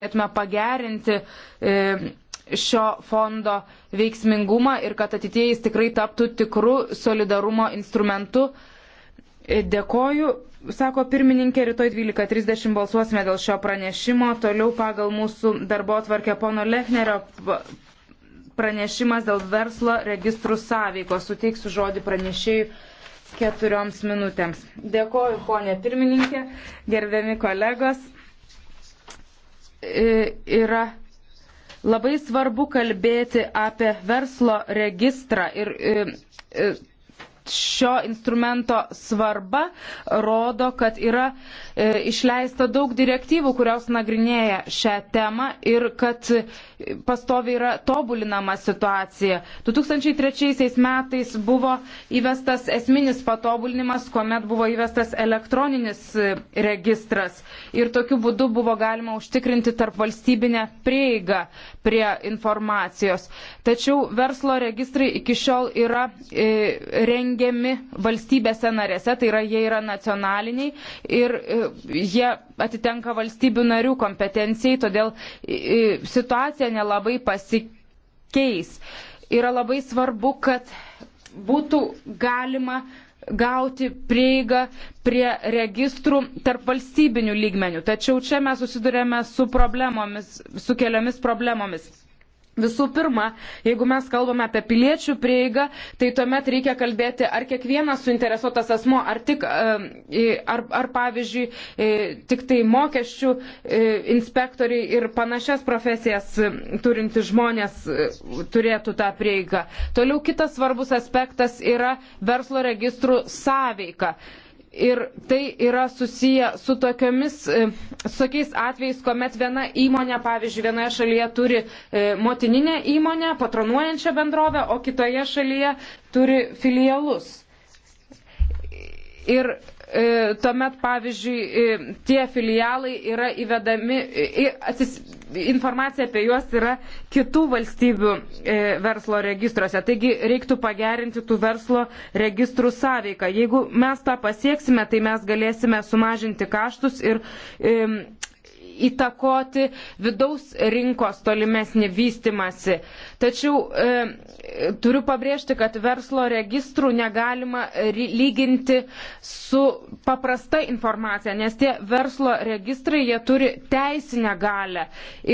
galėtume pagerinti e, šio fondo veiksmingumą ir kad ateitie jis tikrai taptų tikrų solidarumo instrumentu. E, dėkoju, sako pirmininkė, rytoj 12.30 balsuosime dėl šio pranešimo. Toliau pagal mūsų darbo atvarkę pono Lechnerio pranešimas dėl verslo registrų sąveikos. Suteiksiu žodį pranešėjui keturioms minutėms. Dėkoju, ponė pirmininkė, gerbiami kolegos yra labai svarbu kalbėti apie verslo registrą ir šio instrumento svarba rodo, kad yra e, išleista daug direktyvų, kurios nagrinėja šią temą ir kad pastovi yra tobulinama situacija. 2003 metais buvo įvestas esminis patobulinimas, kuomet buvo įvestas elektroninis e, registras ir tokiu būdu buvo galima užtikrinti tarp valstybinę prieigą prie informacijos. Tačiau verslo registrai iki šiol yra e, rengiami rengiami valstybėse narėse, tai yra jie yra nacionaliniai ir e, jie atitenka valstybių narių kompetencijai, todėl e, e, situacija nelabai pasikeis. Yra labai svarbu, kad būtų galima gauti prieigą prie registrų tarp valstybinių lygmenių. Tačiau čia mes susidurėme su problemomis, su keliomis problemomis. Visų pirma, jeigu mes kalbame apie piliečių prieigą, tai tuomet reikia kalbėti, ar kiekvienas suinteresuotas asmo, ar, tik, ar, ar pavyzdžiui, tik tai mokesčių inspektoriai ir panašias profesijas turinti žmonės e, turėtų tą prieigą. Toliau kitas svarbus aspektas yra verslo registrų sąveika. Ir tai yra susiję su tokiamis, e, su tokiais atvejais, kuomet viena įmonė, pavyzdžiui, vienoje šalyje turi e, motininę įmonę, patronuojančią bendrovę, o kitoje šalyje turi filialus. Ir E, tuomet, pavyzdžiui, e, tie filialai yra įvedami, e, informacija apie juos yra kitų valstybių verslo registruose. Taigi reiktų pagerinti tų verslo registrų sąveiką. Jeigu mes tą pasieksime, tai mes galėsime sumažinti kaštus ir įtakoti vidaus rinkos tolimesnį vystimasi. Tačiau e, turiu pabrėžti, kad verslo registrų negalima lyginti su paprasta informacija, nes tie verslo registrai, jie turi teisinę galę.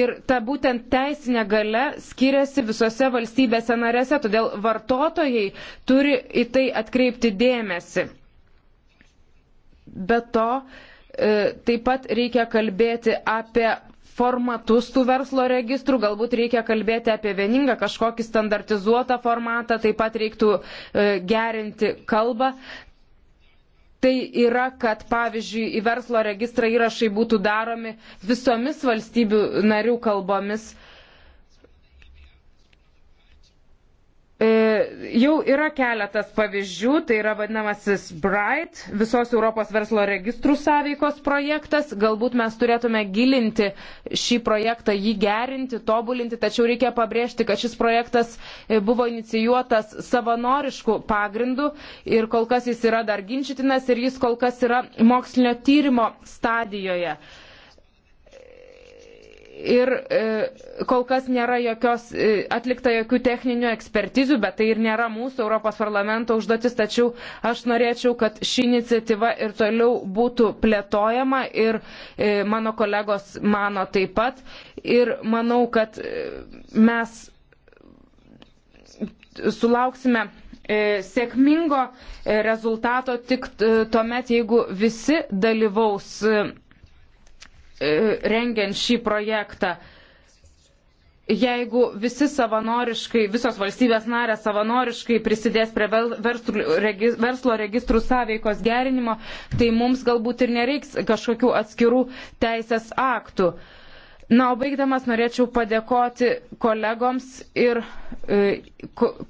Ir ta būtent teisinė gale skiriasi visose valstybėse narėse, todėl vartotojai turi į tai atkreipti dėmesį. Be to, E, taip pat reikia kalbėti apie formatus tų verslo registrų, galbūt reikia kalbėti apie vieningą kažkokį standartizuotą formatą, taip pat reiktų e, gerinti kalbą. Tai yra, kad pavyzdžiui į verslo registrą įrašai būtų daromi visomis valstybių narių kalbomis. Uh, E, jau yra keletas pavyzdžių, tai yra vadinamasis Bright, visos Europos verslo registrų sąveikos projektas. Galbūt mes turėtume gilinti šį projektą, jį gerinti, tobulinti, tačiau reikia pabrėžti, kad šis projektas e, buvo inicijuotas savanoriškų pagrindų ir kol kas jis yra dar ginčytinas ir jis kol kas yra mokslinio tyrimo stadijoje ir e, kol kas nėra jokios, e, atlikta jokių techninių ekspertizių, bet tai ir nėra mūsų Europos parlamento užduotis, tačiau aš norėčiau, kad ši iniciatyva ir toliau būtų plėtojama ir e, mano kolegos mano taip pat ir manau, kad mes sulauksime sėkmingo rezultato tik tuomet, jeigu visi dalyvaus E, rengiant šį projektą. Jeigu visi savanoriškai, visos valstybės narės savanoriškai prisidės prie verslo registrų sąveikos gerinimo, tai mums galbūt ir nereiks kažkokių atskirų teisės aktų. Uh, Na, o baigdamas norėčiau padėkoti kolegoms ir e,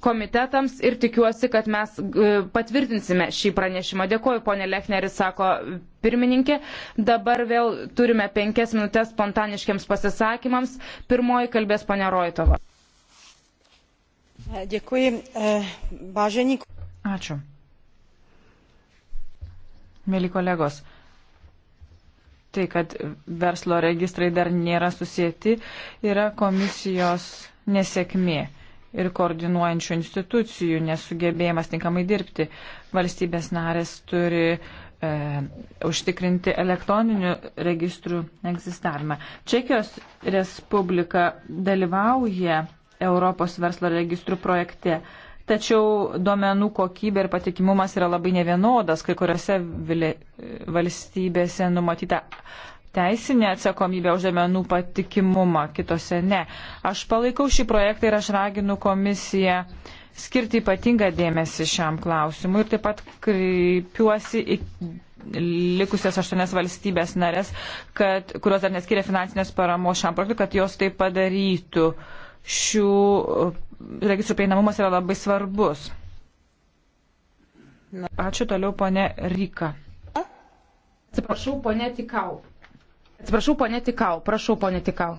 komitetams ir tikiuosi, kad mes e, patvirtinsime šį pranešimą. Dėkuoju, ponė Lechneris, sako pirmininkė. Dabar vėl turime penkias minutės spontaniškiams pasisakymams. Pirmoji kalbės ponė Roitova. Dėkui, baženį. E, Ačiū. Mėly kolegos tai, kad verslo registrai dar nėra susijęti, yra komisijos nesėkmė ir koordinuojančių institucijų nesugebėjimas tinkamai dirbti. Valstybės narės turi e, užtikrinti elektroninių registrų egzistavimą. Čekijos Respublika dalyvauja Europos verslo registrų projekte. E, Tačiau duomenų kokybė ir patikimumas yra labai nevienodas, kai kuriuose valstybėse numatyta teisinė atsakomybė už duomenų patikimumą, kitose ne. Aš palaikau šį projektą ir aš raginu komisiją skirti ypatingą dėmesį šiam klausimui ir taip pat kreipiuosi į likusias aštuonias valstybės narės, kad, kurios dar neskiria finansinės paramos šiam projektui, kad jos tai padarytų. Šių registrų prieinamumas yra labai svarbus. Ačiū toliau, ponė Ryka. Atsiprašau, ponė Tikau. Atsiprašau, ponė Tikau. Prašau, ponė Tikau.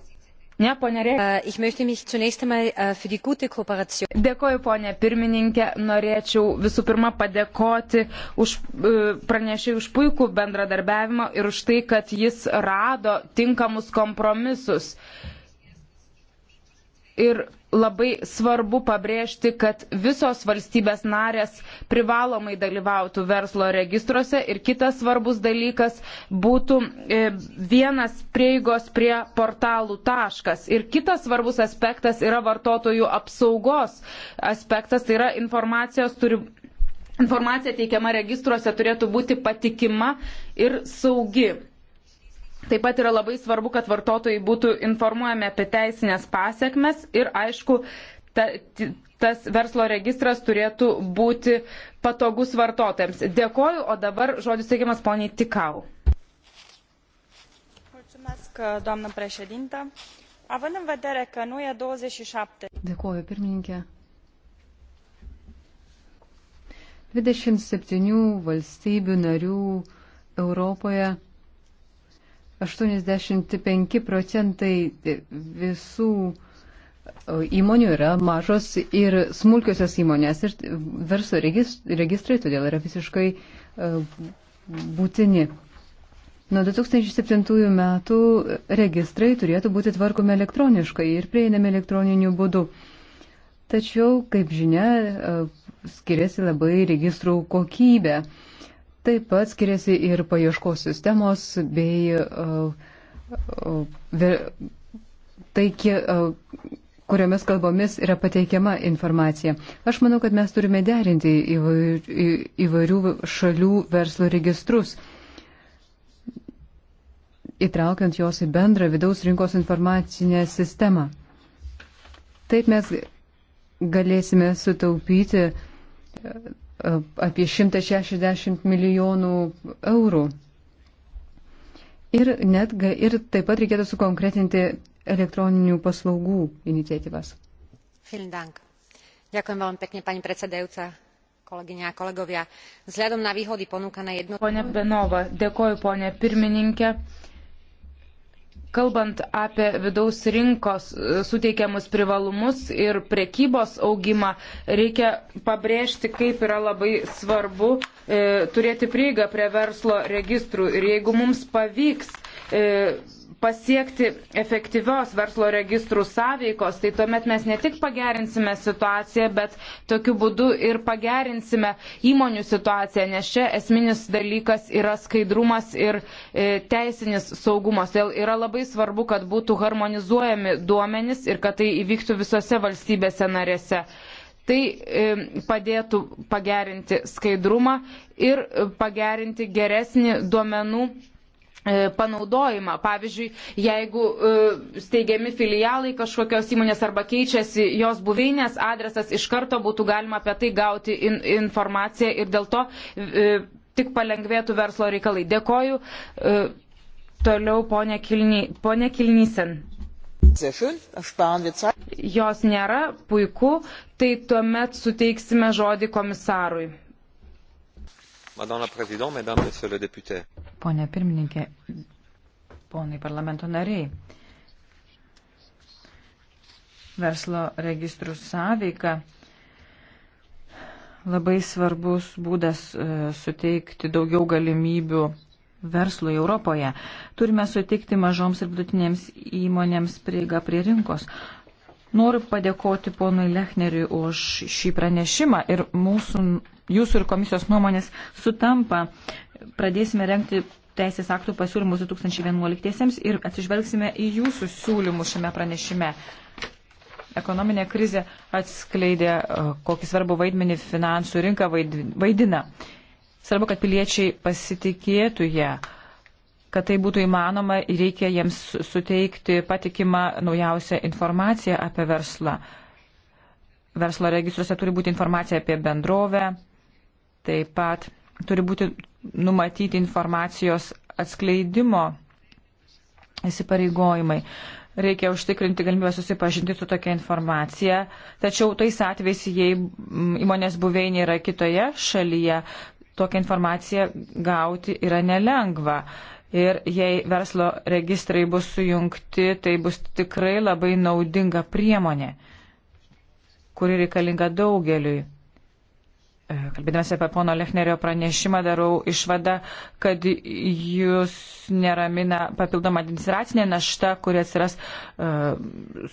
Ne, ponė Rėka. Äh, äh, Dėkoju, ponė pirmininkė. Norėčiau visų pirma padėkoti už, e, pranešiai už puikų bendradarbiavimą ir už tai, kad jis rado tinkamus kompromisus. Ir labai svarbu pabrėžti, kad visos valstybės narės privalomai dalyvautų verslo registruose ir kitas svarbus dalykas būtų e, vienas prieigos prie portalų taškas. Ir kitas svarbus aspektas yra vartotojų apsaugos aspektas, tai yra informacijos turi. Informacija teikiama registruose turėtų būti patikima ir saugi. Taip pat yra labai svarbu, kad vartotojai būtų informuojami apie teisinės pasiekmes ir, aišku, ta, tas verslo registras turėtų būti patogus vartotojams. Dėkoju, o dabar žodis teikiamas poniai Tikau. Mulțumesc, doamnă președintă. Având în vedere că nu e 27. Dėkoju, pirmininkė. 27 valstybių narių Europoje 85 procentai visų įmonių yra mažos ir smulkiosios įmonės ir verso registrai todėl yra visiškai e, būtini. Nuo 2007 metų registrai turėtų būti tvarkomi elektroniškai ir prieinami elektroniniu būdu. Tačiau, kaip žinia, e, skiriasi labai registrų kokybė. Taip pat skiriasi ir paieškos sistemos bei uh, uh, tai, uh, kuriomis kalbomis yra pateikiama informacija. Aš manau, kad mes turime derinti įvairių šalių verslo registrus, įtraukiant juos į bendrą vidaus rinkos informacinę sistemą. Taip mes galėsime sutaupyti apie 160 milijonų eurų. Ir, net, ir taip pat reikėtų sukonkretinti elektroninių paslaugų iniciatyvas. Ďakujem veľmi pekne, pani predsedajúca, kolegyne a kolegovia. Vzhľadom na výhody ponúkané jednotlivé. Pone Benova, dėkoju, pone pirmininkė. Kalbant apie vidaus rinkos e, suteikiamus privalumus ir prekybos augimą, reikia pabrėžti, kaip yra labai svarbu e, turėti prieigą prie verslo registrų. Ir jeigu mums pavyks e, pasiekti efektyvios verslo registrų sąveikos, tai tuomet mes ne tik pagerinsime situaciją, bet tokiu būdu ir pagerinsime įmonių situaciją, nes čia esminis dalykas yra skaidrumas ir e, teisinis saugumas. Todėl yra labai svarbu, kad būtų harmonizuojami duomenys ir kad tai įvyktų visose valstybėse narėse. Tai e, padėtų pagerinti skaidrumą ir e, pagerinti geresnį duomenų E, panaudojimą. Pavyzdžiui, jeigu e, steigiami filialai kažkokios įmonės arba keičiasi jos buveinės adresas, iš karto būtų galima apie tai gauti in, informaciją ir dėl to e, tik palengvėtų verslo reikalai. Dėkoju. Toliau ponė, Kilny, ponė Kilnysen. Jos nėra, puiku, tai tuomet suteiksime žodį komisarui. Pone pirmininkė, ponai parlamento nariai, verslo registrų sąveika labai svarbus būdas e, suteikti daugiau galimybių verslui Europoje. Turime suteikti mažoms ir vidutinėms įmonėms prieigą prie rinkos. Noriu padėkoti ponui Lechneriui už šį pranešimą ir mūsų, jūsų ir komisijos nuomonės sutampa. Pradėsime renkti teisės aktų pasiūlymus 2011 ir atsižvelgsime į jūsų siūlymus šiame pranešime. Ekonominė krizė atskleidė, e, kokį svarbų vaidmenį finansų rinka vaidina. Svarbu, kad piliečiai pasitikėtų ją. Ja Kad tai būtų įmanoma, reikia jiems suteikti patikimą naujausią informaciją apie verslą. Verslo registruose turi būti informacija apie bendrovę, taip pat turi būti numatyti informacijos atskleidimo įsipareigojimai reikia užtikrinti galimybę susipažinti su tokia informacija. Tačiau tais atvejais, jei įmonės buveinė yra kitoje šalyje, tokią informaciją gauti yra nelengva ir jei verslo registrai bus sujungti, tai bus tikrai labai naudinga priemonė, kuri reikalinga daugeliui. E, kalbėdamas apie pono Lechnerio pranešimą darau išvadą, kad jūs neramina papildoma administracinė našta, kuri atsiras uh,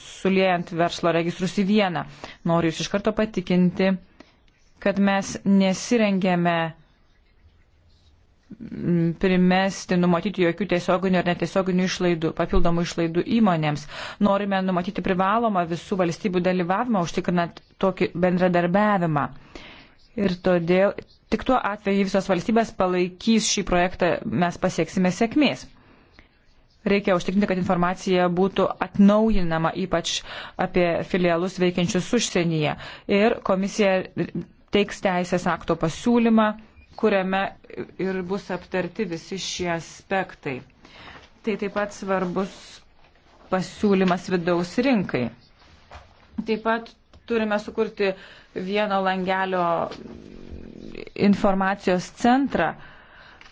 suliejant verslo registrus į vieną. Noriu jūs iš karto patikinti, kad mes nesirengėme primesti, numatyti jokių tiesioginių ar netiesioginių išlaidų, papildomų išlaidų įmonėms. Norime numatyti privalomą visų valstybių dalyvavimą, užtikrinant tokį bendradarbiavimą. Ir todėl tik tuo atveju visos valstybės palaikys šį projektą, mes pasieksime sėkmės. Reikia užtikrinti, kad informacija būtų atnaujinama, ypač apie filialus veikiančius užsienyje. Ir komisija teiks teisės akto pasiūlymą kuriame ir bus aptarti visi šie aspektai. Tai taip pat svarbus pasiūlymas vidaus rinkai. Taip pat turime sukurti vieno langelio informacijos centrą,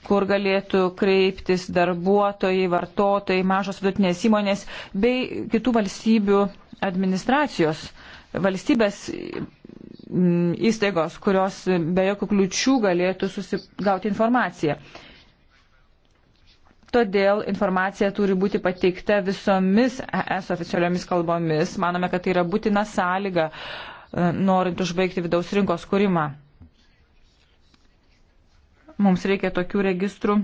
kur galėtų kreiptis darbuotojai, vartotojai, mažos vidutinės įmonės bei kitų valstybių administracijos. Valstybės Mm, įstaigos, kurios be jokių kliučių galėtų susigauti informaciją. Todėl informacija turi būti pateikta visomis ES oficialiomis kalbomis. Manome, kad tai yra būtina sąlyga, e, norint užbaigti vidaus rinkos kūrimą. Mums reikia tokių registrų, e,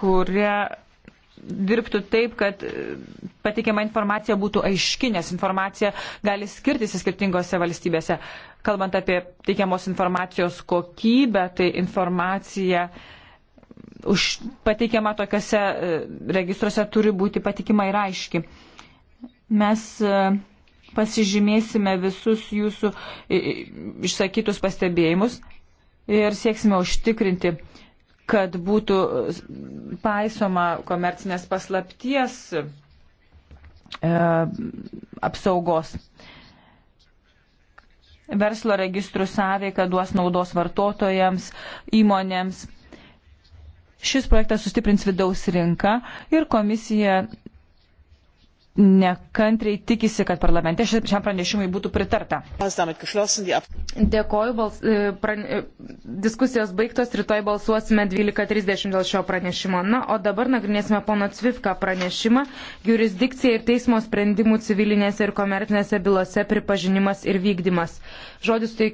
kurie dirbtų taip, kad e, patikiama informacija būtų aiški, nes informacija gali skirtis skirtingose valstybėse. Kalbant apie teikiamos informacijos kokybę, tai informacija už pateikiama tokiuose e, registruose turi būti patikima ir aiški. Mes e, pasižymėsime visus jūsų išsakytus pastebėjimus ir sieksime užtikrinti kad būtų paisoma komercinės paslapties e, apsaugos. Verslo registrų sąveika duos naudos vartotojams, įmonėms. Šis projektas sustiprins vidaus rinką ir komisija nekantriai tikisi, kad parlamente šiam pranešimui būtų pritarta. Dėkoju, bals, e, pran, e, diskusijos baigtos, rytoj balsuosime 12.30 dėl šio pranešimo. Na, o dabar nagrinėsime pono Cvifką pranešimą, jurisdikcija ir teismo sprendimų civilinėse ir komercinėse bylose pripažinimas ir vykdymas. Žodis tai